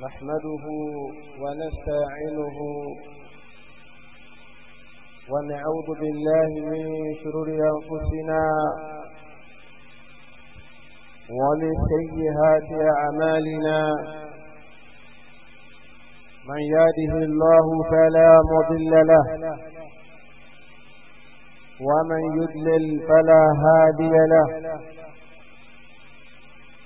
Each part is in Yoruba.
نحمده ونستعينه ونعوذ بالله من شرور أنفسنا ومن سيئات أعمالنا من يهده الله فلا مضل له ومن يدلل فلا هادي له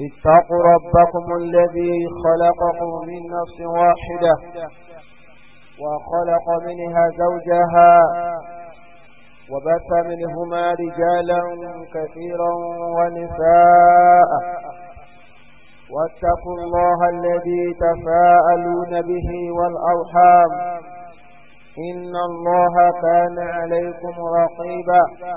اتقوا ربكم الذي خلقكم من نفس واحدة وخلق منها زوجها وبث منهما رجالا كثيرا ونساء واتقوا الله الذي تفاءلون به والأرحام إن الله كان عليكم رقيبا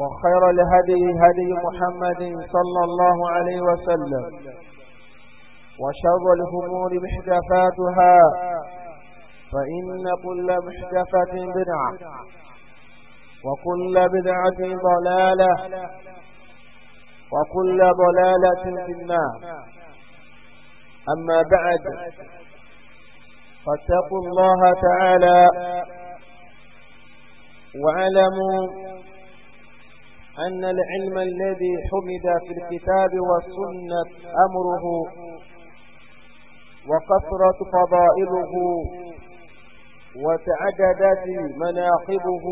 وخير الهدي هدي محمد صلى الله عليه وسلم وشر الهمور محدثاتها فإن كل محدثة بدعة وكل بدعة ضلالة وكل ضلالة في النار أما بعد فاتقوا الله تعالى واعلموا أن العلم الذي حمد في الكتاب والسنة أمره وكثرة فضائله وتعددت مناقبه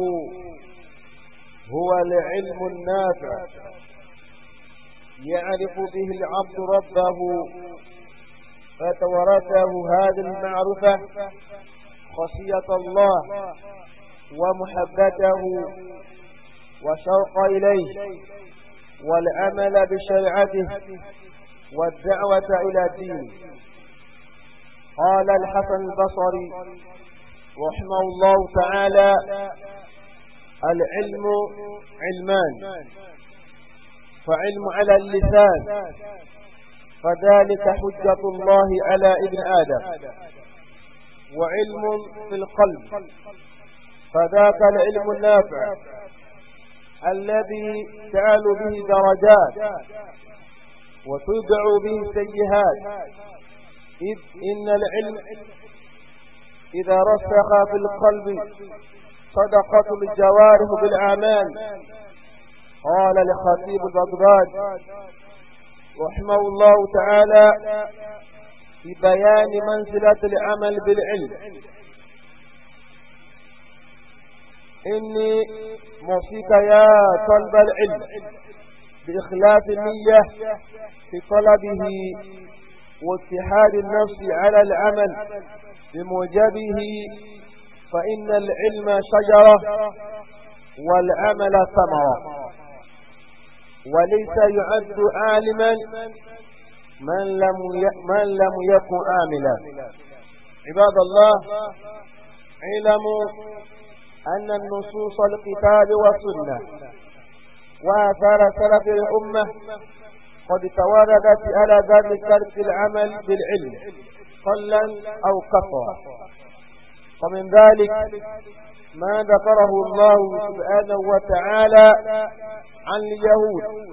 هو العلم النافع يعرف به العبد ربه فتورثه هذه المعرفة خشية الله ومحبته والشوق إليه والأمل بشريعته والدعوة إلى دينه قال الحسن البصري رحمه الله تعالى العلم علمان فعلم على اللسان فذلك حجة الله على ابن آدم وعلم في القلب فذاك العلم النافع الذي تعل به درجات وتدع به سيئات إذ إن العلم إذا رسخ في القلب صدقة الجوارح بالأعمال قال لخطيب بغداد رحمه الله تعالى في بيان منزلة العمل بالعلم إني موصيك يا طلب العلم بإخلاص النية في طلبه واتحاد النفس على العمل بموجبه فإن العلم شجرة والعمل ثمرة وليس يعد عالما من لم من لم يكن عاملا عباد الله علموا أن النصوص الكتاب والسنة وآثار سلف الأمة قد تواردت على ذلك ترك العمل بالعلم قلا أو كثرا ومن ذلك ما ذكره الله سبحانه وتعالى عن اليهود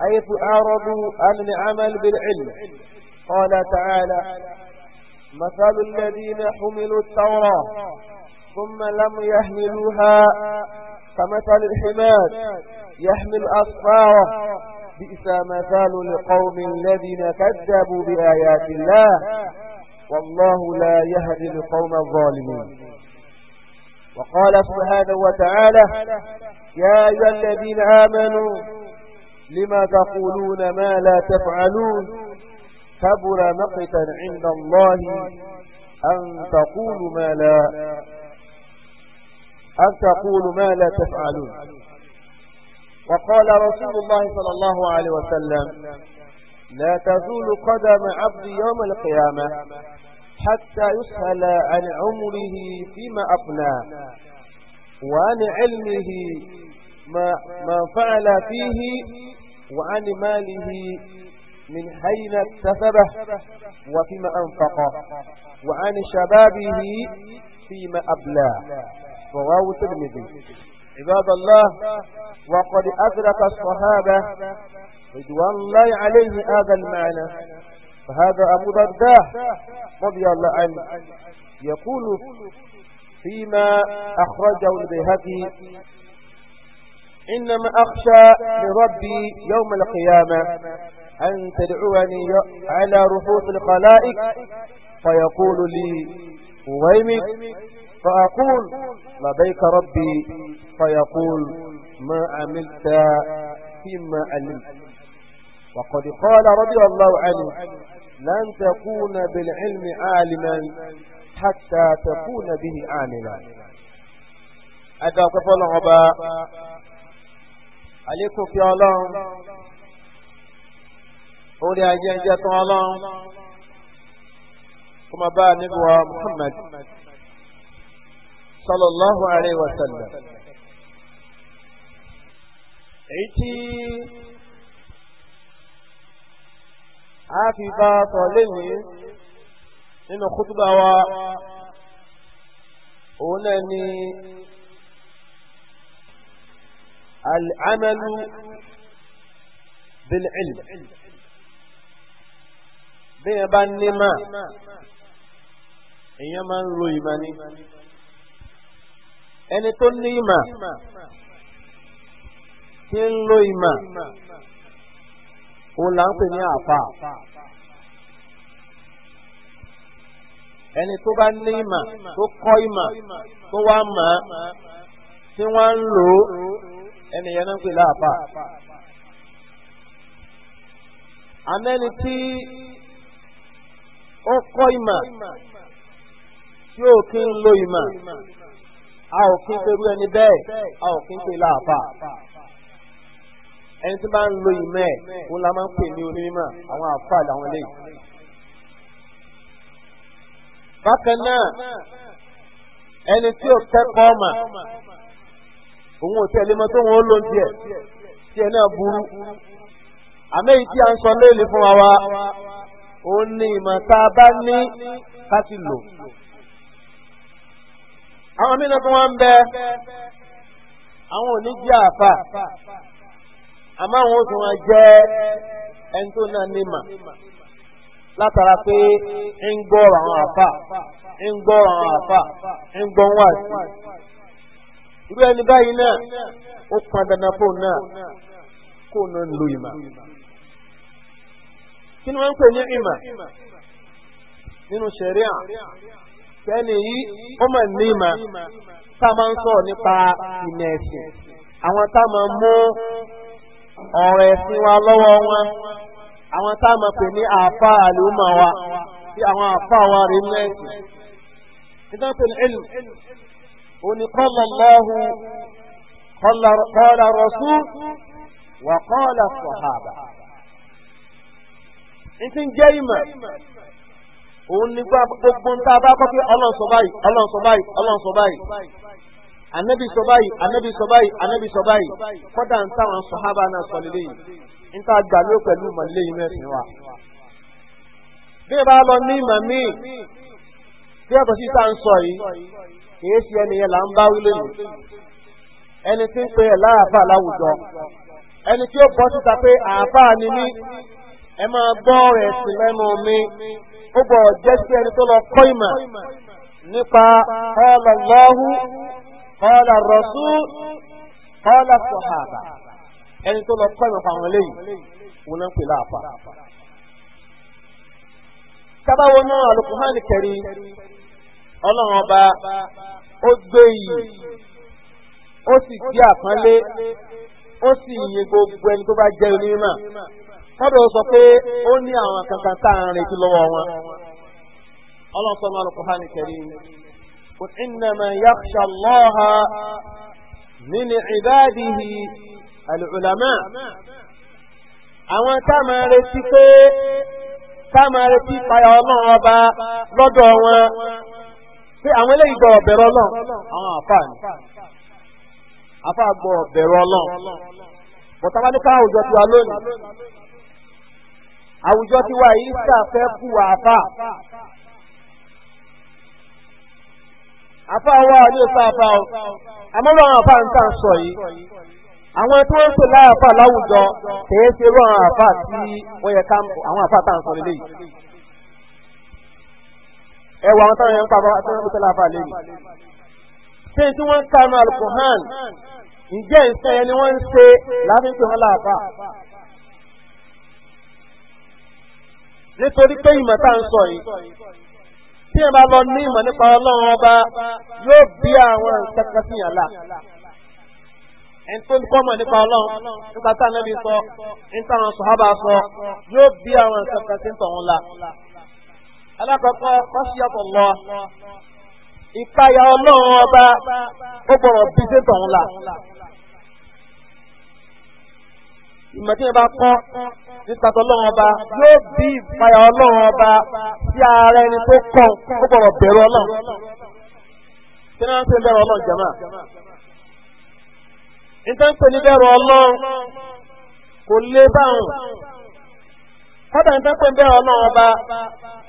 حيث أعرضوا عن العمل بالعلم قال تعالى مثل الذين حملوا التوراة ثم لم يحملوها فمثل الحمار يحمل أصفاره بئس مثال لقوم الذين كذبوا بآيات الله والله لا يهدي القوم الظالمين وقال سبحانه وتعالى يا أيها الذين آمنوا لما تقولون ما لا تفعلون كبر مقتا عند الله أن تقولوا ما لا أن تقولوا ما لا تفعلون وقال رسول الله صلى الله عليه وسلم لا تزول قدم عبد يوم القيامة حتى يسأل عن عمره فيما أقنى وعن علمه ما, ما فعل فيه وعن ماله من حين اكتسبه وفيما أنفقه وعن شبابه فيما أبلاه رواه الترمذي عباد الله وقد أدرك الصحابة رضوان الله عليه هذا المعنى فهذا أبو درداء رضي الله عنه يقول فيما أخرجه البيهقي إنما أخشى لربي يوم القيامة أن تدعوني على رفوف الخلائق فيقول لي ويمك فأقول لبيك ربي فيقول ما عملت فيما علمت وقد قال رضي الله عنه لن تكون بالعلم عالما حتى تكون به عاملا أدعوك فالعباء عليك عليكم في الله أولي أجنجة الله كما بقى نبوى محمد صلى الله عليه وسلم ايتي عافي بات وليه انه خطبة و ونني العمل بالعلم بيبان نما ايما رويماني ẹni tó ní ìmà tí ń lo ìmà òun là ń pè ní àfà ẹni tó bá ní ìmà tó kọ́ ìmà tó wá mọ̀ tí wọ́n ń lò ó ẹni yẹn ń pè lo ìmà. a ò kí ń pe irú ẹni bẹ́ẹ̀ a ò kí ń pe láàfà ẹni tí bá lo ìmọ̀ ẹ̀ òun la máa ń pè ní onímọ̀ àwọn àfà làwọn lè. bákan náà ẹni tí ò kẹ́kọ̀ọ́ mà òun ò tẹ̀lé mọ́ tó wọn ó lò ń tiẹ̀ tiẹ̀ náà burú àmọ́ tí a ń sọ léèlé fún wa wa òun ni ìmọ̀ tá a bá ní ká ti lò. àwọn mìíràn tó wọ́n ń bẹ àwọn ò ní jẹ́ àfà àmọ́ àwọn oṣù wọn jẹ́ ẹni tó náà ní mà látara pé ń gbọ́rọ̀ àwọn àfà ń àwọn àfà ń kẹ́ni yìí ó mọ̀ ní ìmọ̀ tá a máa ń sọ̀rọ̀ nípa ìmọ̀ ẹ̀sìn àwọn tá a máa mú ọ̀rọ̀ ẹ̀sìn wa lọ́wọ́ wọn a máa pè ní àáfà àlùmọ̀ wa tí àwọn àáfà wa rí ní ẹ̀sìn. nígbà tó ní ẹlù òní wa qala sahaba. ní Nke nje jẹ́ òun ní gbogbo ń tá a bá kọ́ pé ọlọ́run sọ báyìí ọlọ́run sọ báyìí ọlọ́run sọ báyìí anabi sọ báyìí anabi sọ báyìí anabi sọ báyìí kọ́dà ń táwọn sọ̀hábà náà sọ lélẹ́yìn ń tá a gbà ló pẹ̀lú màlẹ́yìn mẹ́sìn wa. bí ẹ bá lọ ní ìmọ̀ míì bí ẹ̀kọ́ sí sáà ń sọ yìí kìí ṣe ẹnìyẹn là ń bá wílé nù ẹni tí ń pe ẹ̀ láàfà láwùjọ ẹni tí ó bọ́ síta pé àáfà ni mí ẹ máa gbọ́ ọ̀rọ̀ ẹ̀sìn lẹ́nu mi. ó bọ̀ jẹ́ ẹni tó lọ kọ́ ìmọ̀ nípa qala Allahu qala ẹni tó lọ kọ́ ìmọ̀ fáwọn eléyìí wọn ń pè láàpá. sábàwọ náà ọba ó gbé yìí ó sì ó sì yin gbogbo ẹni tó bá onímọ̀. kọ́dọ̀ sọ pé ó ní àwọn kankan tá à ń retí wọn. ọlọ́run máa lọ kọ́hán ní kẹrí kò innama yakhsha Allaha min ibadihi al-ulama. àwọn tá a máa retí pé tá a máa retí payà ọlọ́run ọba lọ́dọ̀ wọn pé àwọn eléyìí gbọ́ ọ̀bẹ̀rẹ̀ ọlọ́run àwọn gbọ́ ọ̀bẹ̀rẹ̀ ọlọ́run bọ̀tá wá ní àwùjọ tí wà yìí sàfẹ́ kú àfà àfà wà ní ìfà àfà o àmọ́ràn àfà ń tàn sọ yìí àwọn tó ń pè láàfà láwùjọ kìí ṣe irú àwọn àfà tí wọ́n yẹ ká àwọn àfà tàn sọ lélẹ́yìí ẹwà àwọn táwọn yẹn ń pàbọ àti wọn pè láàfà lẹ́yìn ṣé tí wọ́n ń kanu alukuhan ǹjẹ́ ìṣẹ́yẹ ni wọ́n ń ṣe láàfin pè wọ́n láàfà. nítorí pé ìmọ̀ tá à ń sọ yìí tí ẹ bá lọ ní ìmọ̀ nípa ọlọ́run ọba yóò bí àwọn nǹkan kan sí yàn lá ẹni tó ń kọ́mọ̀ nípa ọlọ́run nípa tá ànábì sọ níta sọ̀hábà sọ yóò bí àwọn nǹkan sí tọ̀hún la. alákọ̀ọ́kọ́ kọ́síyàtọ̀ lọ ìpayà ọlọ́run ọba ó gbọ́dọ̀ bí sí tọ̀hún la. ìmọ̀tí tí bá kọ́ nípa ọba yóò bí ìfàyà ọlọ́run ọba sí ara ẹni tó kọ́ ó bẹ̀rù ọlọ́run. kí náà ń pè bẹ̀rù ọlọ́run nítorí pé ní bẹ̀rù ọlọ́run kò lé ọba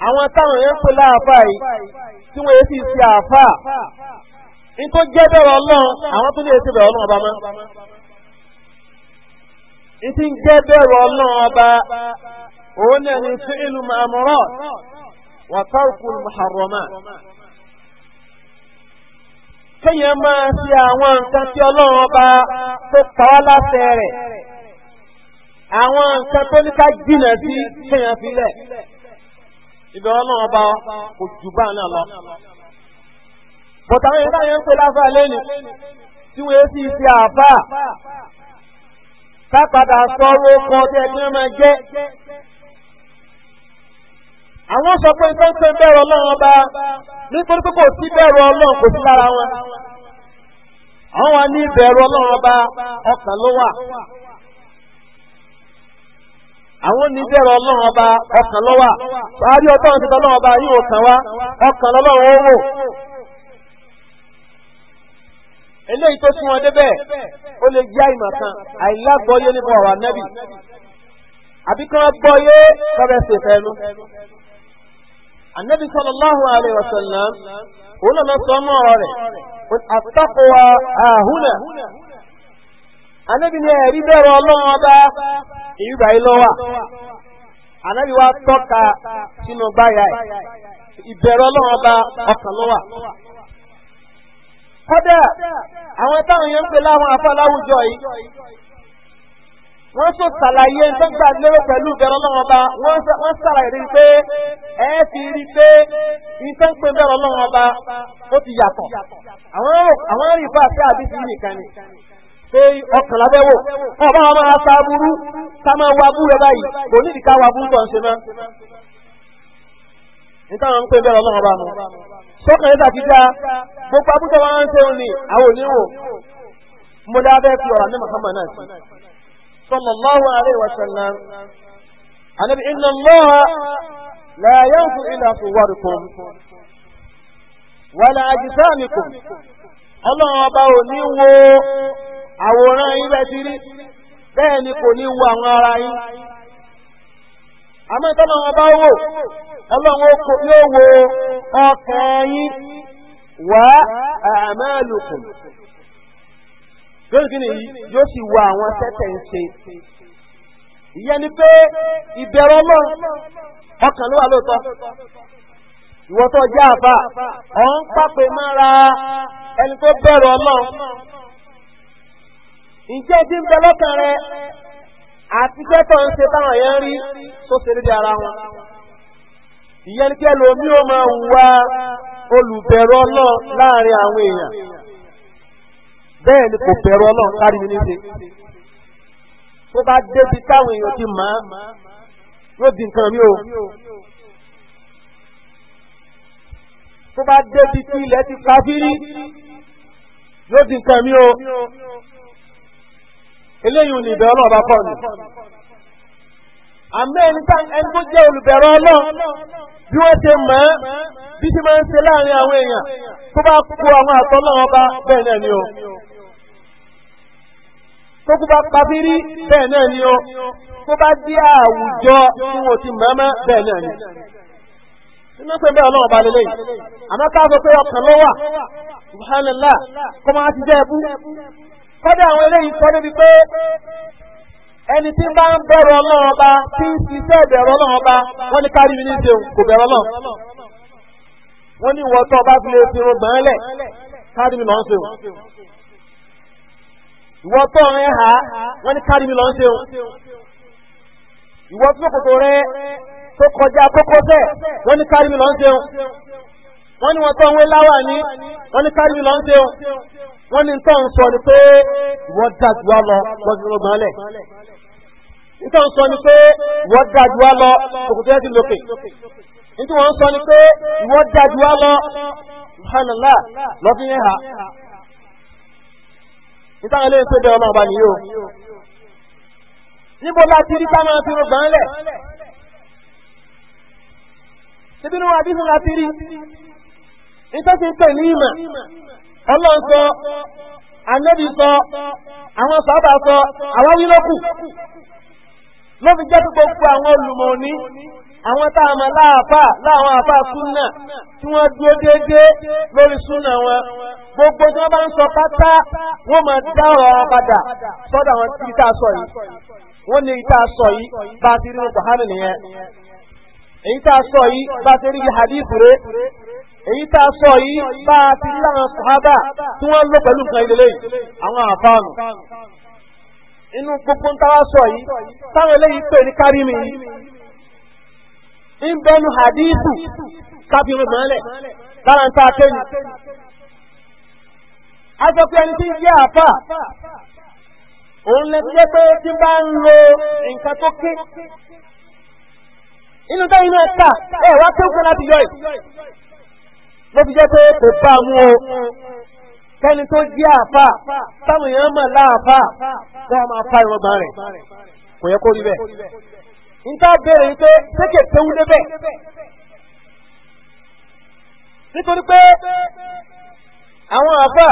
àwọn táwọn yẹn ń pè yìí tí wọ́n yẹn sì ṣe àfáà. nítorí jẹ́ bẹ̀rù ọlọ́run àwọn tó ní èsì bẹ̀rù ọlọ́run ọba ìtì ń jẹ́ bẹ̀rù ọlọ́run ọba òun náà ní fún ìlú màmúrọ̀ wà táwùkù muharrama. kéèyàn máa ṣe àwọn nǹkan tí ọlọ́run ọba tó pa wá láṣẹ rẹ̀ àwọn nǹkan tó ní ká jìnà sí kéèyàn ọba ká padà sọ owó kan tí ẹni wọn máa àwọn sọ pé ọlọ́run ọba nítorí pé kò sí bẹ̀rù ọlọ́run kò sí lára wọn. àwọn wa ọba ọkàn ló wà. àwọn ní ọba ọkàn ló wà. ọba yìí ò kàn eléyìí tó tún wọn débẹ̀ ó lè jẹ́ àìmọ̀ àìlágbọ́yé nípa ọ̀rọ̀ ànábì àbí kan gbọ́yé kọ́bẹ̀ ṣe fẹ́nu. ànábì sallallahu alaihi wasallam òun náà sọ mọ́ ọ̀rọ̀ rẹ̀ àtàkùwà àhúnà ní ẹ̀rí ọba yìí wa tọ́ka sínú gbáyà ọba ọkàn kọ́dà àwọn táwọn yẹn ń pè láwọn afá láwùjọ yìí wọ́n tún ṣàlàyé tó gbà lérò pẹ̀lú ìbẹ̀rù ọlọ́run ọba wọ́n ṣàlàyé rí pé ẹ fi rí pé nǹkan pé bẹ̀rù ọlọ́run ọba ó ti yàtọ̀ àwọn rí bá àti àbísí nìkan ni pé ọkàn lábẹ́ wò ọba wọn máa ta aburú ká máa wá bú rẹ báyìí kò nídìí ká wá bú tọ̀ ń ṣe náà. nítawọn ń pè bẹ́ẹ̀ ọlọ́run ọba mu sọ́kàn yẹn gbogbo abúlé ń ṣe òun àwọn oníwò mo dá bẹ́ẹ̀ fi ọ̀rọ̀ àmì Muhammad náà sí sallallahu alaihi wa àwòrán yín bẹ́ẹ̀ ti rí bẹ́ẹ̀ ni kò ní àwọn ara yín àmọ́ ọba ọlọ́run yóò wo ọkàn yín wá àmàlùkùn lórí kìíní yóò sì wo àwọn tẹ́tẹ̀ ń ṣe ìyẹn ni pé ìbẹ̀rù ọlọ́run ọkàn ló wà lóòótọ́ ìwọ tó jẹ́ àbá ọ̀ ń pàpè mọ́ra ẹni tó bẹ̀rù ọlọ́run ǹjẹ́ ti ń bẹ lọ́kàn rẹ àti pẹ́tọ̀ ń ṣe táwọn yẹn ń rí tó ṣe dédé ara wọn ìyẹn ní kẹ́lò omi ó máa wá olùbẹ̀rọ náà láàrin àwọn èèyàn bẹ́ẹ̀ ni kò bẹ̀rọ náà kárí mi níṣe tó bá débi táwọn èèyàn ti máa yóò di nǹkan mi o tó bá débi tí ilẹ̀ ti káfírí yóò di nǹkan mi o eléyìí ni ìbẹ̀rọ náà bá kọ́ ni àmọ́ ẹni tó jẹ́ olùbẹ̀rọ náà. bí wọ́n ṣe mọ̀ ẹ́ bí ṣe máa ń ṣe láàrin àwọn èèyàn tó bá kó àwọn àtọ́ bá bẹ́ẹ̀ náà ni o tó kú bá pabírí bẹ́ẹ̀ náà ni o tó bá dé àwùjọ tí wọn ti mọ̀ ẹ́ bẹ́ẹ̀ náà ni nínú pé bẹ́ẹ̀ ọlọ́run ọba àmọ́ ká sọ pé ọkàn ló wà ẹni tí bá ń bẹ̀rù ọlọ́run ọba tí ń ṣiṣẹ́ bẹ̀rù ọlọ́run ọba wọ́n ní kárí mi ní ṣeun kò bẹ̀rù ọlọ́run wọ́n ní ìwọ tó ọba fi lè fi irun gbọ̀n lẹ̀ kárí mi lọ́n ṣeun ìwọ tó ọ̀rẹ́ ha wọ́n ní kárí mi lọ́n ṣeun ìwọ tó kòtò rẹ tó kọjá kókósẹ̀ wọ́n ní kárí mi lọ́n ṣeun wọ́n ní wọ́n tó ń wé láwà ní wọ́n ní kárí mi lọ́n ṣeun wọ́n ní tó ń sọ ni pé ìwọ́n dájú wá lọ wọ́n ti rọgbọ̀n lẹ̀ nítorí wọ́n sọ ni pé ìwọ dájú wá lọ òkùnkùn ẹ̀ ti lókè nítorí wọ́n sọ ni pé ìwọ dájú wá lọ ìhànàlá lọ́dún yẹn hà nítorí lẹ́yìn tó bẹ́ẹ̀ ọlọ́ọ̀bá nìyó níbo láti rí ká máa fi rògbọ́n lẹ̀ níbi níwọ̀n àdísùn láti rí nítorí pé ní ìmọ̀. ọlọ sọ anẹ́bí sọ àwọn sábà sọ àwáwí lọ́kù ló fi jẹ́ pípọ̀ pé àwọn olùmọ̀ òní àwọn tá a mọ̀ láàfà láwọn àfà súnà tí wọ́n dúró déédéé lórí súnà wọn gbogbo tí wọ́n bá ń sọ wọn padà sọ́dọ̀ àwọn tí ìta sọ yìí wọ́n ní ìta sọ yìí bá a ti rí èyí tá a sọ yìí bá a ti láwọn sàhábà tí wọ́n lò pẹ̀lú nǹkan ìdílé yìí àwọn àfáànù inú gbogbo ń táwa sọ yìí táwọn eléyìí pè ní kárí mi yìí ń bẹnu hadithu kábíyèmí mọ́lẹ̀ lára ń tá a kéyìn. a sọ pé ẹni tí ń jẹ́ àfà òun lè jẹ́ pé tí bá ń lo nǹkan tó ké inú náà wá láti yọ ló fi jẹ́ pé kò bá mú o kẹ́ni tó jẹ́ àfà táwọn èèyàn mọ̀ láàfà kó a máa fa ìrọ̀gbọ̀n rẹ̀ kò yẹ kó rí bẹ́ẹ̀. níta béèrè yìí pé sékè péwu débẹ̀ nítorí pé àwọn àfà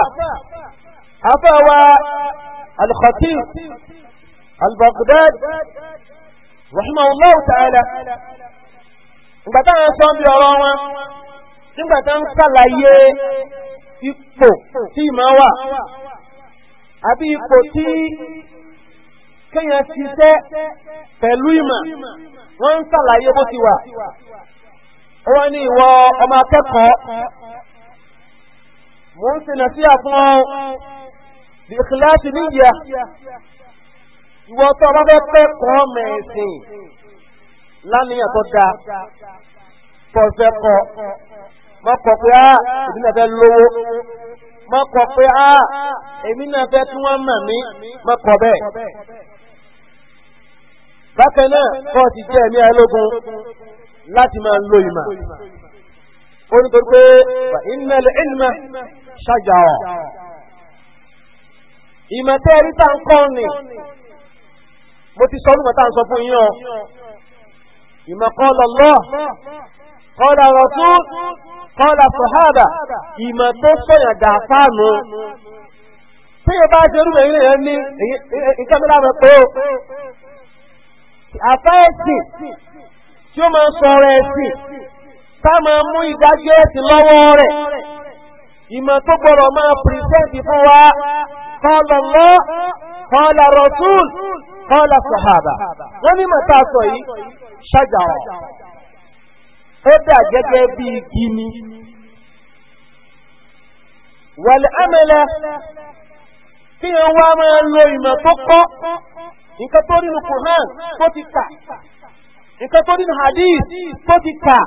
àfà wa al-Khatib al ta'ala ìgbà táwọn sọ ń bí ọ̀rọ̀ wọn nígbà tá ń sàlàyé ipò tí ìmọ̀ wà àbí ipò tí kéèyàn ṣiṣẹ́ pẹ̀lú ìmọ̀ wọ́n ń sàlàyé bó ti wà wọ́n ní ìwọ ọmọ akẹ́kọ̀ọ́ mo ń ṣe nàṣíà fún ọ bí ìkìláàsì níyà ìwọ tó ọba fẹ́ pẹ́ kọ́ mẹ̀sìn lánìyàn tó dáa pọ̀ fẹ́ kọ́ má kọ pé á ah, èmi náà fẹ́ lówó má kọ pé á ah, èmi náà fẹ́ kí wọ́n mọ̀ mí má kọ bẹ́ẹ̀. bákan náà kọ́ ti jẹ́ ẹ̀mí alógun láti máa lo ìmọ̀ ó ní torí pé innal ilma shajara ìmọ̀ tẹ́ rí tá ń kọ́ ni mo ti sọ ọ́ nígbà ń sọ fún yín o ìmọ̀ qala Allah qala rasul kọ́lá sọ̀háàbà ìmọ̀ tó sọ̀yàn dàfáànù tí yóò bá ṣe rú èyí rẹ̀ ní ìkẹ́mílá rẹ̀ pé ó àfẹ́ ẹ̀sìn tí ó máa sọ̀rọ̀ ẹ̀sìn tá máa mú ìdájọ́ ẹ̀sìn lọ́wọ́ rẹ̀ ìmọ̀ tó gbọ́dọ̀ máa pìrìsẹ́ǹtì fún wa kọ́lá lọ kọ́lá rọ̀tún kọ́lá sọ̀háàbà wọ́n ní mọ̀ tá a sọ yìí ṣájà ọ̀ ó dà gẹ́gẹ́ bí igi ni wàlẹ̀ àmẹ́lẹ̀ tí wọ́n wá máa lo ìmọ̀ tó kọ́ nǹkan tó nínú Qur'an tó ti kà nǹkan tó nínú hadith tó ti kà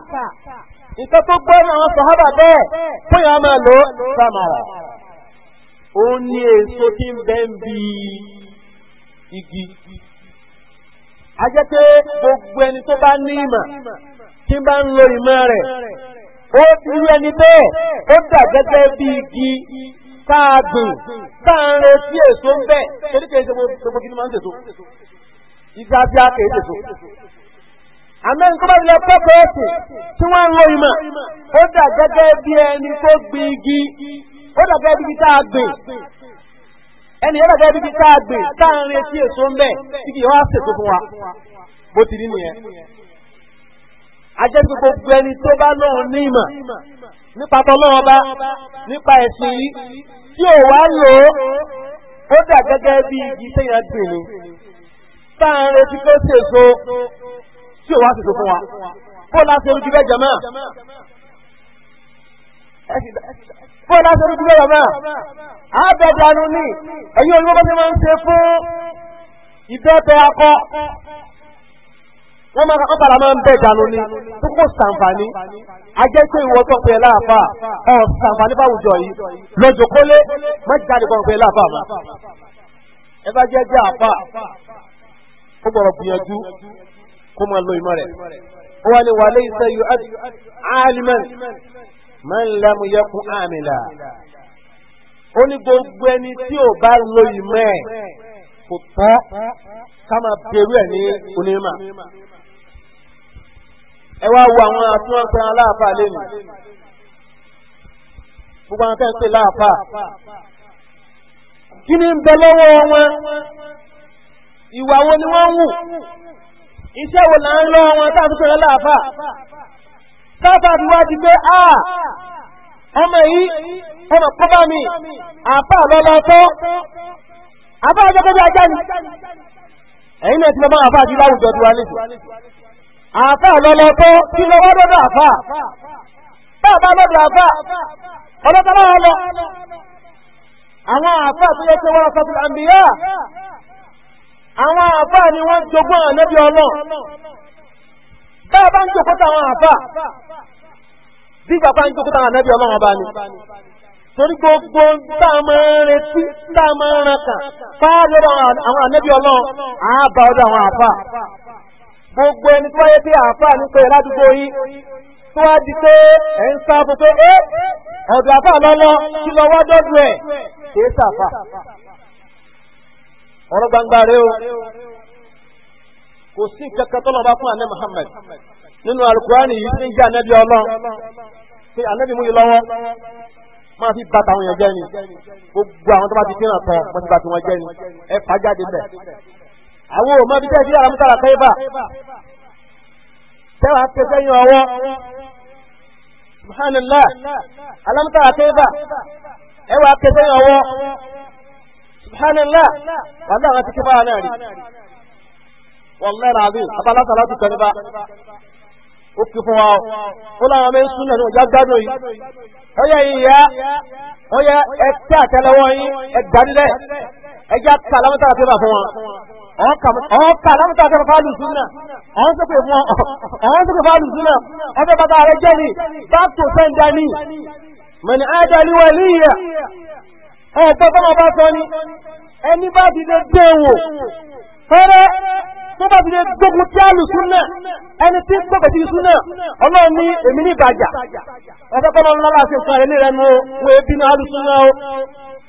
nǹkan tó gbọ́ àwọn samara. bẹ́ẹ̀ máa lò sàmàrà ó ní èso igi pé gbogbo ẹni tí bá ń lo ìmọ̀ rẹ̀ ó irú ẹni bẹ́ẹ̀ ó dà gẹ́gẹ́ bí igi táàgùn táàrin sí èso ń bẹ̀ torí kìí ṣe gbogbo gidi máa ń tètò ìgbà bí a kìí tètò. àmọ́ nǹkan bá tí wọ́n ń lo ìmọ̀ ó dà gẹ́gẹ́ bí ẹni tó gbin igi ó dà gẹ́gẹ́ bí igi ẹni yẹn bí ajẹ́sí gbogbo ẹni tó bá lóun ní ìmọ̀ nípa tọ́lọ́wọ́ bá nípa ẹ̀sìn yìí tí ò wá lò ó ó dà gẹ́gẹ́ bí igi téèyàn gbìn ni tá à ń retí kó ṣèso tí ò wá ṣèso fún wa kó láti orí jíbẹ́ jẹ̀mọ́ kó láti orí jíbẹ́ jẹ̀mọ́ àbẹ̀dànù ni ẹ̀yin olùkọ́ bá ti máa ń ṣe fún ìbẹ́pẹ akọ wọ́n máa ń bára máa ń bẹ̀ dànù ni tó kò sàǹfààní ajẹ́ pé ìwọ tó pe láàfà ọ̀ sàǹfààní fáwùjọ yìí lọ́jọ́ kólé má jáde kan pe láàfà mọ́ ẹ bá jẹ́ jẹ́ àfà ó gbọ́dọ̀ gbìyànjú kó máa lo ìmọ̀ rẹ̀ ó wà ní wàlẹ́ iṣẹ́ yóò àlìmọ́ máa ń lẹ́mu yẹkun àmìlà ó ní gbogbo ẹni tí ò bá lo ìmọ̀ ẹ̀ kò tọ́ ká máa bẹ̀rù ẹ̀ ní onímọ̀ ẹ wá wo àwọn àtúnwọ̀n pẹ̀lú aláàfáà lẹ́nu gbogbo àwọn tẹ́ ń pè láàfáà kí ni ń bẹ lọ́wọ́ wọn ìwà wo ni wọ́n ń wù iṣẹ́ wo là ń lọ́wọ́ wọn tá a fi pẹ̀lú láàfáà káfà fi wá di pé a ọmọ yìí ọmọ kọ́bá mi àfáà lọ́lọ́ tó àfáà jẹ́ kó bí ajá ni ẹ̀yin náà ti mọ́ bá àfáà ti láwùjọ tiwa nísìnyí. àfà lọ́lọ́ kí lọ wá lọ́dọ̀ bàbá lọ́dọ̀ àfà lọ àwọn àfà tó yẹ wọ́n sọ fún àmbíyá àwọn àfà ni wọ́n jogún bàbá ń àfà bí bàbá ń bá ní torí gbogbo tá a máa ń retí tá a máa ń fáwọn àwọn gbogbo ẹni tó wáyé pé àáfàá ní pé ládùúgbò yín tó wá di pé ẹ̀ ń sáfù pé ẹ ọ̀dọ̀ àáfàá lọ́lọ́ kí lọ wá dọ́dọ̀ ẹ̀ kì í sàfà. ọ̀rọ̀ gbangba rẹ o kò sí nǹkan kan tó lọ́ba fún àná Muhammad nínú alukurani yìí ti ń jẹ́ ànábì ọlọ́run pé ànábì mú yìí lọ́wọ́ máa fi bàtà àwọn èèyàn jẹ́ ni gbogbo àwọn tó bá ti fi hàn tán wọ́n ti bàtà wọn jẹ́ ni ẹ fà jáde bẹ́ẹ̀. àwọn ọmọ ibi tẹ́sí àmúkàrà kẹ́fà tẹ́wà pé sẹ́yìn ọwọ́ subhanallah alamukara kẹ́fà ẹwà pé sẹ́yìn ọwọ́ subhanallah wàlá àwọn ti kí náà rí wàlá làbí abalásà láti kọ́ni bá ó kí fún wa ó láwọn ọmọ ìsúná ní ọjà gbádùn yìí ó yẹ ìyá ó yẹ ọ̀n kà lámùtà ọ̀sẹ̀ fáàlù súnà ọ̀n sọ̀kè fún ọ̀n sọ̀kè fáàlù súnà ọ̀sẹ̀ bàtà rẹ̀ jẹ́ ni báàtò sẹ́ńdà ni mẹ̀ni àádọ́lì wà níyà ọ̀pọ̀ tó máa bá sọ ni ẹni bá ti lè dé wò fẹ́rẹ́ tó bá ti lè gbógun tí àlù súnà ẹni tí gbógun tí súnà ọlọ́run ní èmi ní ìbàjà ọ̀pọ̀ tó máa ń lọ́la ṣe fún àrẹ́lẹ́ rẹ̀ nu wo ebi náà àlù súnà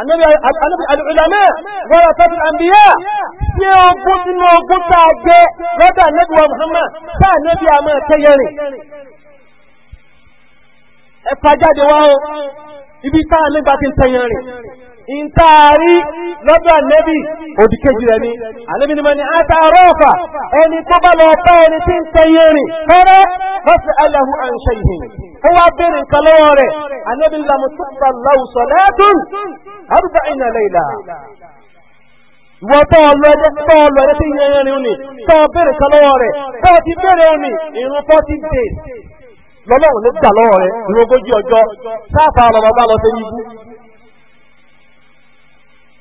Ànábì al'ulama wọ́n sọ́dún àbíyá tí ó gún sínú ogun táa jẹ́ lọ́dọ̀ Ànábì wa Muhammad táà Ànábì àmọ́ ẹ̀kẹ́yẹrin. Ẹ̀fà jáde wá o, ibi táà Ànábì ti ń tẹ̀yẹrin ìtaari lọ́dọ̀ ànẹ́bì òdìkejì rẹ̀ ni ànẹ́bì ni mo ní àtàrọ̀ ọ̀fà ẹni tó bá lọ bá ẹni tí ń tẹyẹ rìn fẹ́rẹ́ lọ́sẹ̀ aláhu àǹṣẹ́ ìhìn ó wá bèèrè nǹkan lọ́wọ́ rẹ̀ ànẹ́bì lamu tuba lahu sọ̀lẹ́tùn arúgbó ìnà lẹ́yìnlá ìwọ tọ́ ọlọ ẹdẹ tọ́ ọlọ ẹdẹ tí yẹn rìn òní tọ́ bèèrè kan lọ́wọ́ rẹ̀ tọ́ ti bèèrè òní ìrún forty days lọ́lọ́run ló gbà lọ́wọ́ rẹ̀ ìrún ogójì ọjọ́ sáà fà ọlọ́mọba lọ sí ibú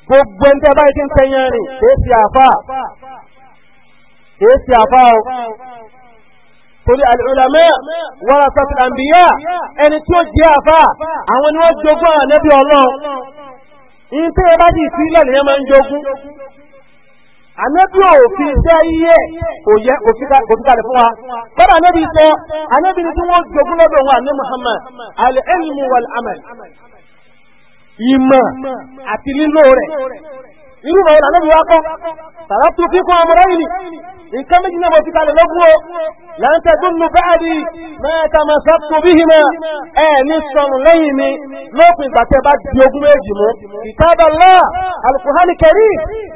gbogbo ẹni tẹ́ báyìí ti ń tẹ̀yìn rìn kìí ṣe àfà kìí ṣe àfà o torí al-ulama warasatul anbiya ẹni tí ó jẹ́ àfà àwọn ni wọ́n jogún ànábì ọlọ́run ní tí ẹ bá sì sílẹ̀ nìyẹn máa ń jogún ànábì òfin iṣẹ́ iye òye òfikalẹ̀ fún wa kọ́dà ànábì sọ ànábì ni tí wọ́n jogún lọ́dọ̀ wọn àní Muhammad al-ilmu wal-amal. ìmọ̀ àti lílò rẹ̀ irú ìmọ̀ ìlànà bí wá kọ́ tààrà tó kí kún ọmọdé yìí nǹkan méjì náà ti kalẹ̀ lọ́gbọ́n o láǹtẹ̀ tó báàdì mẹ́ta máa sọ́tò bí hìmọ̀ ní lẹ́yìn mi lópin ìgbà bá di ogún méjì mú ìkábà lọ́ alukuhani kẹrí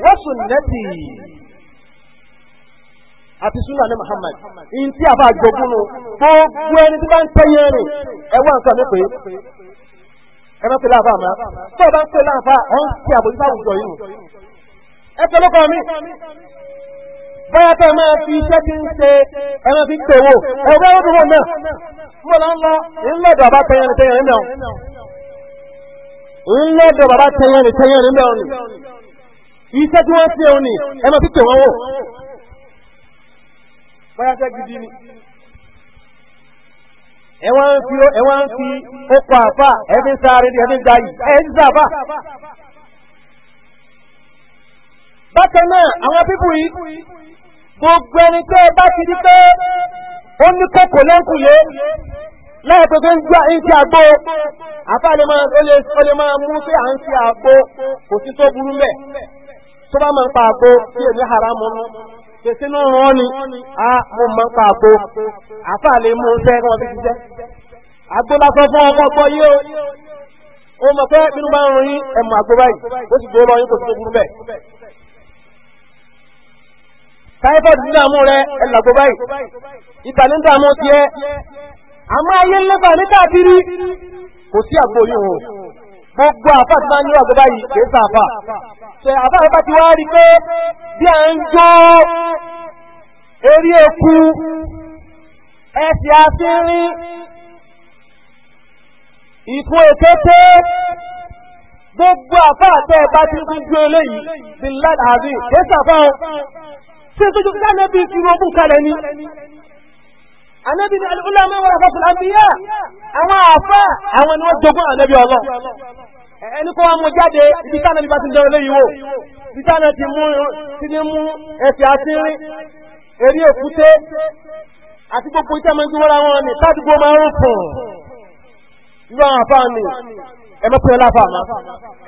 wọ́n sùn nẹ́tì àti sunna ní Muhammad ìyìn tí a bá jogún nu gbogbo ẹni tí ẹ bá pèlè àfa àmọ́ tó o bá ń pèlè àfa ọ̀n ti àbójútó àwùjọ yìí nù ẹ pẹ̀lú kọ́ mi báyà tó máa fi iṣẹ́ ti ń ṣe ẹran fi ń pè wò ẹ̀rọ bá wọ́n náà mo lọ ń lọ ńlọ́dọ̀ bàbá tẹyẹrin tẹyẹrin náà ńlọ́dọ̀ bàbá tẹyẹrin tẹyẹrin náà ni iṣẹ́ tí wọ́n ṣe òun ni ẹran fi pè wọ́n wò báyà tẹ́ gidi ni. ẹ̀wọ́n ń fi ẹ̀wọ́n ń fi okò àfà ẹ̀fín sáré ẹ̀fín dayì ẹ̀fín sàfà. bákan náà àwọn pípù yìí gbogbo ẹni pé bá ti di pé ó ní kókò lẹ́kùnlé lẹ́ẹ̀kọ́ tó ń gbá àgbo lè máa ó lè máa mú pé à ń ṣèṣe ló rán ọ́ ni a mo mọ pa àpò àfà lè mú un fẹ́ kí wọ́n fi ṣiṣẹ́. agbólasọ fún ọkọ gbọ́ yìí o ó mọ̀ pé bínú bá ń rún yín ẹ̀mọ̀ àgbo báyìí ó sì gbé lọ yín kò sí tó burú bẹ́ẹ̀. táífọ̀dù ní àmú rẹ ẹ̀làgbo báyìí ìtà ní dààmú tiẹ̀ àmọ́ ayé ńlẹ́fà ní káàkiri kò sí àgbo o gbogbo àfà tí máa ń níwà gbọ́dá yìí kìí sàfà ṣe àfà àfà ti wá rí pé bí à ń jó eré eku ẹsẹ̀ àfihàn ìfún èkété gbogbo àfà àtẹ ẹ̀bá tí ń ju eléyìí bí láàbí kìí sàfà o ṣe tó ju kí lánàá bí kí wọ́n kalẹ̀ ni anabi ni alulama wa rafatul anbiya àwọn àfa àwọn ni wọ́n jogún anabi ọlọ ẹni kó wa mú jáde ibi tí anabi bá ti ń dọrọ lẹ́yìn wò ibi tí anabi ti mú ti ní mú ẹsẹ̀ àti rí eré èkúté àti gbogbo iṣẹ́ máa ń gbéwọ́ra wọn ni sádùúgbò máa ń fún irú àwọn àfa ni ẹ mọ̀ pé ọlọ́fà máa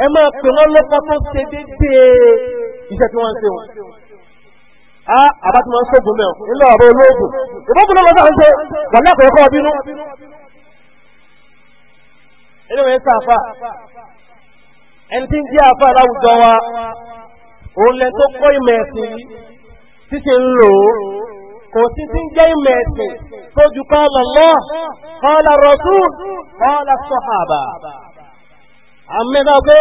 ẹ mọ̀ pé wọ́n lọ́kọ́ tó ṣe déédéé iṣẹ́ tí wọ́n ń ṣe wọn a àbátí wọn sógun mẹ ńlọ ọ̀rọ̀ olóògùn ìbọkùn náà lọsàn án ṣe wọn náà kò yẹ kọ ọbínú ẹni wọn sá àfà ẹni tí ń jẹ àfà láwùjọ wa òun lẹ tó kọ ìmọ̀ ẹ̀sìn yìí tí ṣe ń lò ó kò tí ń jẹ ìmọ̀ Rasul qala Sahaba àmẹ́ta pé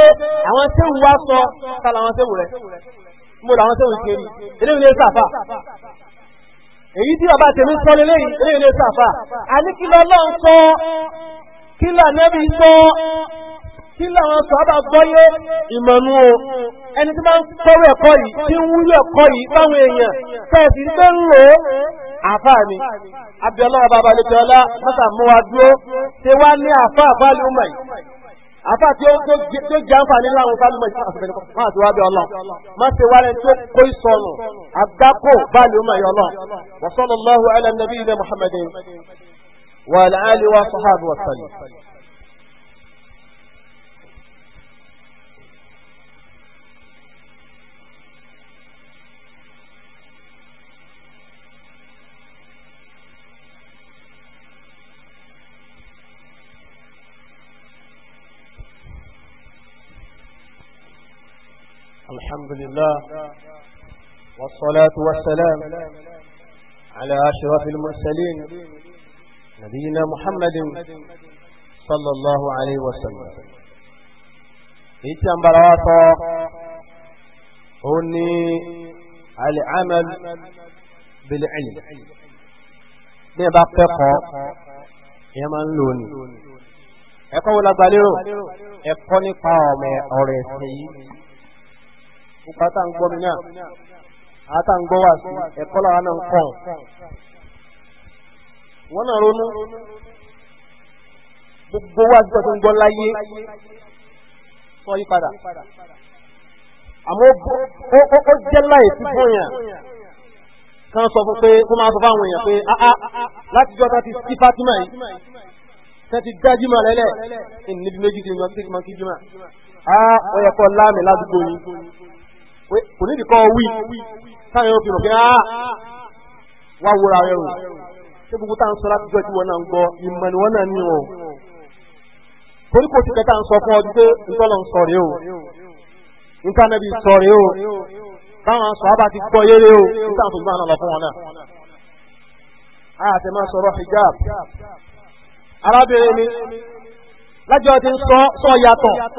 àwọn sẹ́wù wa sọ kọ́ làwọn sẹ́wù rẹ̀ mo làwọn tó ń kiri eléyìí lè sàfà èyí tí bàbá tèmi sọ lélẹ́yìn eléyìí lè sàfà àní kí lọ́lọ́ ń sọ kí lànàbí sọ kí làwọn sọ bá gbọ́yé ìmọ̀nù o ẹni tí máa ń kọ́wé ẹ̀kọ́ yìí tí ń wúlò ẹ̀kọ́ yìí fáwọn èèyàn fẹ́ẹ̀sì ń gbé ń lò ó àfáà ni abiola bàbá lè tẹ mọ́tà mú wa dúró ṣé wá ní àfáà bá yìí àfa tí ó tó jẹ àǹfààní láwọn sálùmọ̀ ìsàkàsọ̀fẹ́ máa ti wá bí ọlọ́ máa ti wálẹ̀ tó kó ìsọnù àgbákò báàlì ó máa yọ lọ wa sallallahu ala nabiyina muhammadin wa ala alihi wa sahbihi wa sallam. الحمد لله والصلاة والسلام على أشرف المرسلين نبينا محمد صلى الله عليه وسلم إتيان براطة هني العمل بالعلم ببقى يمن لوني ẹ̀kọ́ يقول la يقول ẹ̀kọ́ nípa nípa tá à ń gbọ́ mi náà àtà ń gbọ́ wà sí ẹ̀kọ́ làwọn náà ń kọ́ wọn náà ronú gbogbo wa gbọ́ tó ń gbọ́ láyé sọ yí padà àmọ́ ó jẹ́ láì sí fún yàn kan sọ fún pé kó máa sọ fáwọn èèyàn pé áá ah, ah, láti jọ tán ti sí Fatima yìí tán ti dá lẹ́lẹ̀ níbi méjì tí wọ́n ti máa kí jimá á ah, ó yẹ láàmì ládùúgbò yìí kò ní ìdíkọ́ wí táyọ̀ fi rọ̀ pé á wá wúra rẹ̀ rò ṣé gbogbo tá à ń sọ láti jọ́ tí wọ́n náà ń gbọ́ ìmọ̀ ni wọ́n náà ní wọn. torí kò sí kẹta ń sọ fún ọdún pé ntọ́lọ̀ ń sọ rèé o ntánẹ́bí sọ rèé o báwọn sọ abá ti gbọ́ yéré o níta tó gbọ́n lọ fún wọn náà. a àti máa sọ̀rọ̀ hijab arábìnrin mi lájọ́ ti ń sọ sọ yàtọ̀.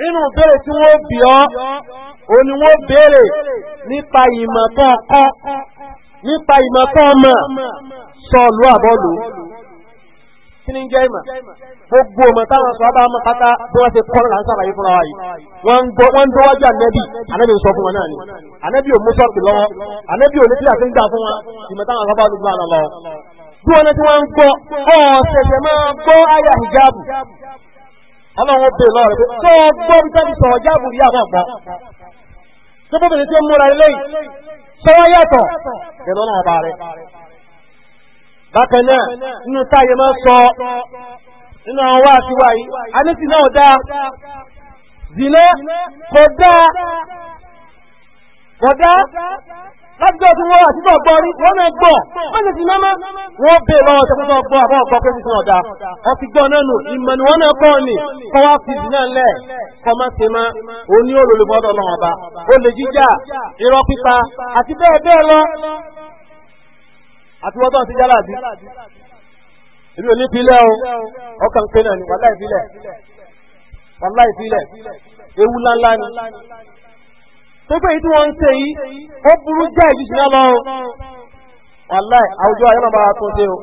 inú béèrè tí wọ́n bì ọ́ ò ní wọ́n n'ipa nípa ìmọ̀ kan nípa ìmọ̀ kan mọ̀ àbọ̀lù kí ni jẹ́ ìmọ̀ gbogbo ọmọ táwọn sọ bá pátá bí wọ́n ṣe kọ́ wa yìí wọ́n ń dọ́wọ́jú ànẹ́bì ànẹ́bì ń sọ fún wọn náà ni ànẹ́bì ò mú sọ́ọ̀kì lọ́wọ́ ò ní bí àti ń fún ìmọ̀ táwọn sọ ọlọ́run ó bè lọ́rọ̀ pé tó gbọ́ bí tẹ́bi sọ̀rọ̀ jáàbù yà náà gbọ́ tó bó bèrè tí ó múra ilé yìí sọ́wọ́ yàtọ̀ pẹ̀lú ọ̀nà ọba rẹ̀ bákan náà nínú táyé máa sọ nínú àwọn wá àti wá yìí anítì náà dá zìnà kò dá kò dá lájọ́ tí wọ́n àti náà gbọ́ rí wọ́n náà gbọ́ mọ́sẹ̀ sí mọ́mọ́ wọ́n bè lọ́wọ́ tẹ́kọ́ náà gbọ́ àwọn pẹ́sì ọtí gbọ́ náà nù ìmọ̀ ni wọ́n náà o ní náà ọba lè jíjà irọ́ pípa àti bẹ́ẹ̀ bẹ́ẹ̀ lọ àti wọ́n ewu tó pé tí wọ́n ń ó burú jẹ́ lọ o àwùjọ ayé bá tó ṣe o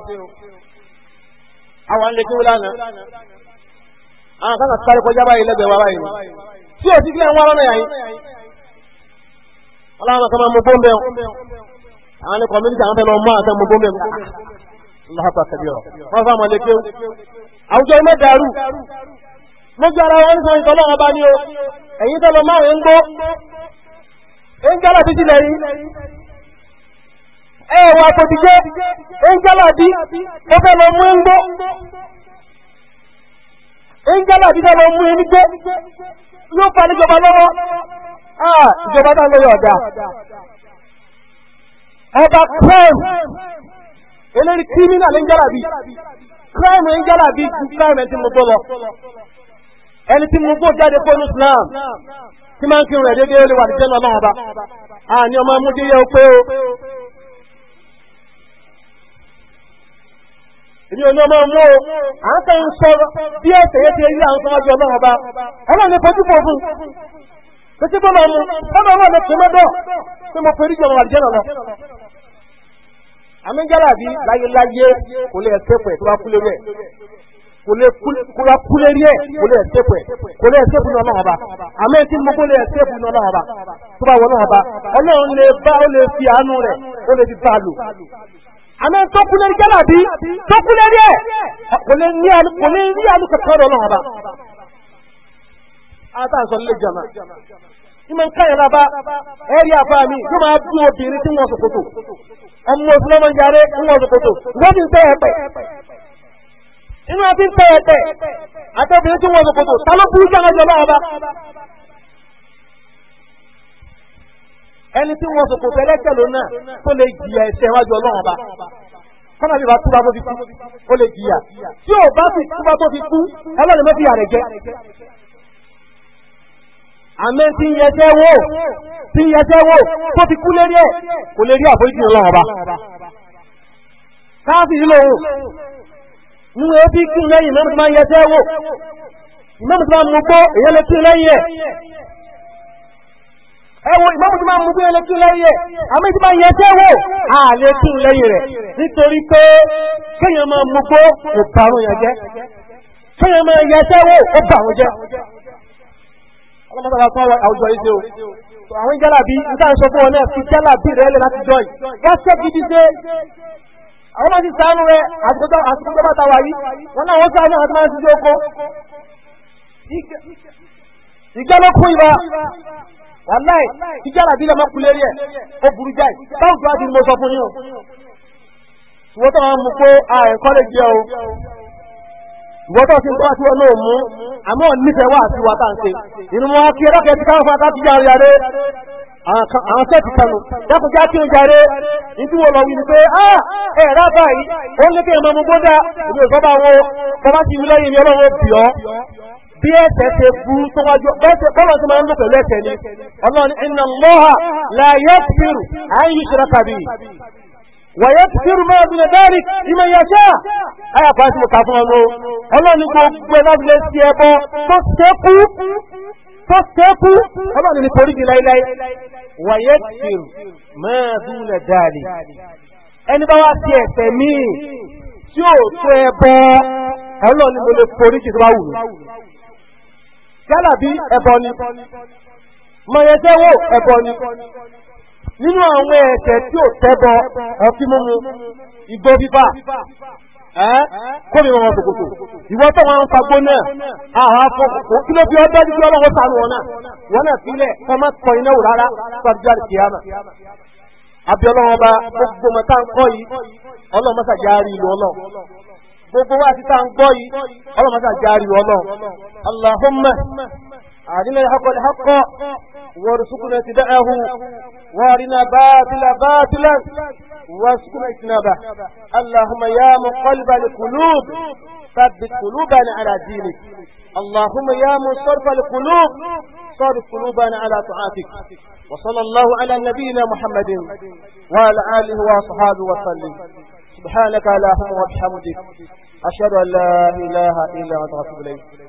àwọn ilé kíwú àwọn kan kan sáré kọjá báyìí lẹ́gbẹ̀ẹ́ wa báyìí tí o ti kílẹ̀ ń wá lọ́nà yàrá ọlọ́run kan máa mú bóńbẹ́ o àwọn ní àwọn tẹ̀lé wọ́n ẹnjálà bí sílẹ̀ rí ẹ̀wà àpòtìjẹ́ ẹnjálà bí ó fẹ́ lọ mú ẹngbó ẹnjálà bi fẹ́ lọ mú ẹnigbó yóò níjọba lọ́wọ́ ah ìjọba náà lórí ọ̀dà ẹ̀bà crime eléyìí criminal ẹnjálà bí crime bi bí crime ẹ̀ tí mo gbọ́ lọ ẹni tí mo tí máa ń kírun rẹ̀ déédéé lè wà ní jẹ́nu ọlọ́run àní ọmọ amúdíyẹ ó pé o. èmi ò ní ọmọ mú o à ń kàn ń sọ̀rọ̀ bí ẹsẹ̀ yẹn ti yí à ń sọ ọjọ́ ọlọ́run ọba ọlọ́run ní fojú fò fún títí tó lọ mú ọlọ́run náà lè tún pé mo forí jọ̀wọ́ àdìjẹ́ lọ. àmì ń jára bí láyéláyé kò lè ẹsẹ̀ pẹ̀ tó bá kú lórí ẹ̀. kò lè kule kúlé kule ẹ kò lè ṣépù ẹ kò lè ṣépù ní ọlọ́run ọba àmọ́ tí mo kó lè ṣépù ní ọlọ́run ọba tó bá wọ ọlọ́run fi àánú rẹ̀ ó lè fi bá a lò àmọ́ tó kúlé rí jálà bí tó kúlé rí ẹ kò jama jama ìmọ̀ nǹkan yẹn lába ẹ̀rí àfààní tó máa bí obìnrin inú àti ń tẹ́ ẹ̀tẹ́ àtẹ́bìnrin tí wọ́n lòkòtò ta ló burú jẹ́ lọ́jọ́ náà ọba ẹni tí wọ́n sòkòtò ẹlẹ́tẹ̀ ló náà tó lè jìyà ẹ̀ṣẹ̀ wájú ọlọ́run ọba kọ́nà bí ba túbá tó fi kú ó lè jìyà tí ò bá sì túbá tó fi kú ẹlọ́run mẹ́fì àrẹ̀ jẹ́ àmẹ́ tí ń yẹsẹ́ wò tí ń yẹsẹ́ wò tó fi kú lérí ẹ̀ kò lè rí àforíjì ọlọ́run ọba káàfì yìí lòun ní wọ́n bí kí lẹ́yìn mọ́mù máa yẹ tẹ́wò ìmọ́mù tó máa mú gbọ́ èyàn lè kí lẹ́yìn ẹ̀ ẹwọ ìmọ́mù tó máa mú gbọ́ èyàn lè kí lẹ́yìn ẹ̀ àmì tó máa yẹ tẹ́wò à lè kí lẹ́yìn rẹ̀ nítorí pé kéèyàn máa mú gbọ́ kò parun yẹn jẹ́ kéèyàn máa yẹ tẹ́wò ó bà wọ́n jẹ́ ọlọ́mọdé àwọn àwùjọ yìí ṣe o àwọn jálàbí nígbà sọ fún ọ náà fi jálàbí rẹ̀ lẹ́ láti jọ yìí wọ́n gidi ṣe àwọn máa ti sàánú rẹ àtìkọ́tọ́ bá ta wà yìí wọn náà wọ́n sàánú àti máa ti di oko ìgbà ló kú ìbá wàláì ìjára bí lọ́mọ kulé rí ẹ̀ ó burú jáì báwo tó a ti mọ sọ fún yín o ìwọ́n tó wọn mú pé ààrẹ kọ́lé jẹ́ o ìwọ́n tó ti ń tọ́wá sí wọn náà mú àmọ́ nífẹ̀ẹ́ wà sí wa tá à ń ṣe ìrùmọ̀ kí ẹlọ́kẹ́ àwọn sẹ́ẹ̀tì kanu dákùn já kírun jáde ìdí wo lọ wí ni ah, ẹ rábà yìí wọn lé kéèyàn mọmú gbọdá ìwé ìfọba wọn bọba ti wílẹ̀ yìí ni ọlọ́wọ́ bì ọ́ bí ẹsẹ̀ ṣe burú tó wájú bẹ́ẹ̀ bọ́lá máa ń lò pẹ̀lú ẹsẹ̀ ni ọlọ́run iná lọ́hà láyé pírù àyè ṣe rákàbí wàyé pírù máa dùn ẹ̀dáàrí ìmọ̀ ìyàṣẹ́ àyà pàṣẹ mo kà fún ọ lọ gbogbo ẹ̀ láti lè ṣe tó ṣe kú tó sẹ́kù ọlọ́run ní foríjì láíláí wàyẹ́ tìrù máa dúnà dáàlì ẹni bá wá sí ẹ̀ṣẹ̀ míì tí ó tó ẹbọ ọlọ́run ní mo lè foríjì tó bá wù mí ẹbọ ni mọ̀yẹ́sẹ́wò ẹbọ ni nínú àwọn ẹ̀ṣẹ̀ tí ó tẹ́bọ ọtí mímu igbó bíbà kó mi wọn sòkòtò ìwọ tó wọn fa gbóná àwọn afọ kí ló fi ọ dájú kí ọlọ́wọ́ sànù wọn náà wọn náà sílẹ̀ kọ́ má kọ iná wò rárá sọ́dúnjọ́ àti kìámà abiyọlọ́wọ́ bá gbogbo mọ̀tá ń kọ́ yìí ọlọ́mọ́sà járí ìlú ọlọ́ gbogbo wa ti tá ń gbọ́ yìí ọlọ́mọ́sà járí ìlú ọlọ́ Allahumma أرنا الحق الحق وارزقنا اتباعه وارنا باطل باطلا واسكن اجتنابه اللهم يا مقلب القلوب ثبت قلوبنا على دينك اللهم يا مصرف القلوب صرف قلوبنا على طاعتك وصلى الله على نبينا محمد وعلى اله وصحبه وسلم سبحانك اللهم وبحمدك اشهد ان لا اله الا انت استغفرك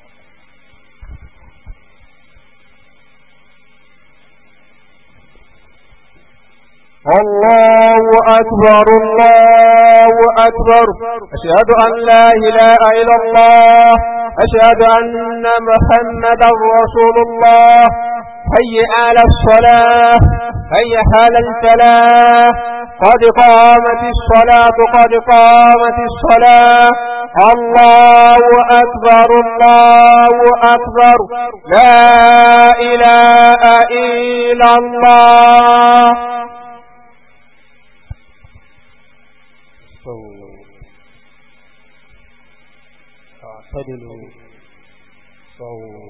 الله أكبر الله أكبر أشهد أن لا إله إلا الله أشهد أن محمدا رسول الله هيا على الصلاة هيا على الفلاح قد قامت الصلاة قد قامت الصلاة الله أكبر الله أكبر لا إله إلا الله اعتدلوا صووا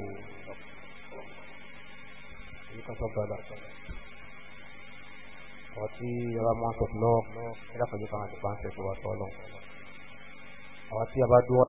يتفضل ọtí ọba mọ́tò lọ ẹ̀dá pẹ̀lú kan àti pàǹtẹ̀ tó wà tọ́lọ̀ àwọn tí a dúró